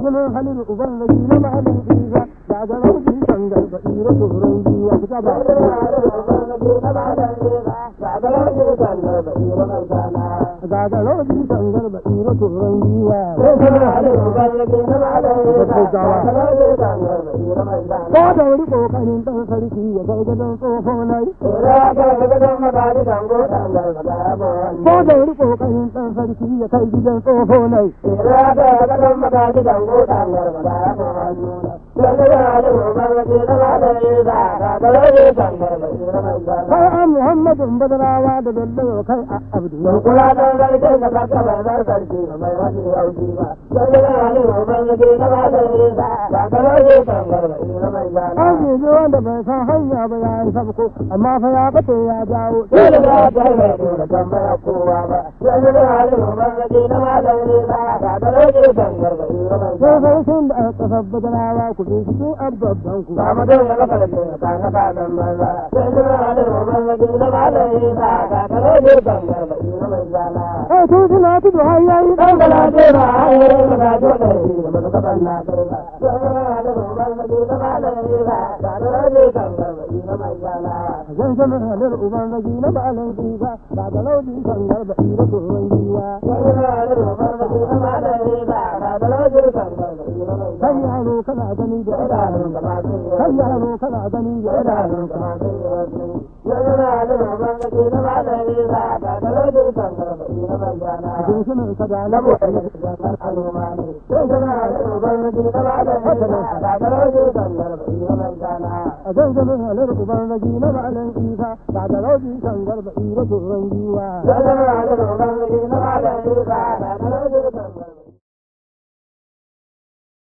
gungulan halin ubangiji na ma'anin isa da ga rauji kan gargaɗi ɗan sarki ya gargadon tsofonai ko da riko kokarin san sarki ya kai gidan tsoho nai. Ira da ya gadon magaji dango ɗan garba da ya kai an muhammadun da dallawa kai a abdu mai kula da zargin da baka bai zar mai wani ba sai da na ba da risa ba ka rage tangar mai zana an yi wanda bai san hanya ba ya yi sabko amma fa ya bace ya jawo sai da ba ta mai da tambaya kowa ba sai da wani ubangiji na ba da risa ba ka rage tangar mai zana ku su abban ku ba ma don yana fara ta na ba dan maza sai da ma da ban ma da ma da isa ga ta ne da ban ga ba na mai zala eh to suna tu da hayayi dan bala da ba hayayi ma da to da ni ma da ban na to ba sai da ma da ban ma da ma da isa ga ta ne da ban ga ba ina mai zala zan zama halar uban ma da ba alai ba ba da laudi kan garba ina to ruwan giwa kai yaro kana gani da idanun kai yaro kana gani da idanun jinsunan ka da labo a zanzanin halar ubangiji na ma'alan isa ba da rauji kan garbaɗi na turan giwa zanzanin halar ubangiji na ma'alan isa ba da rauji kan garbaɗi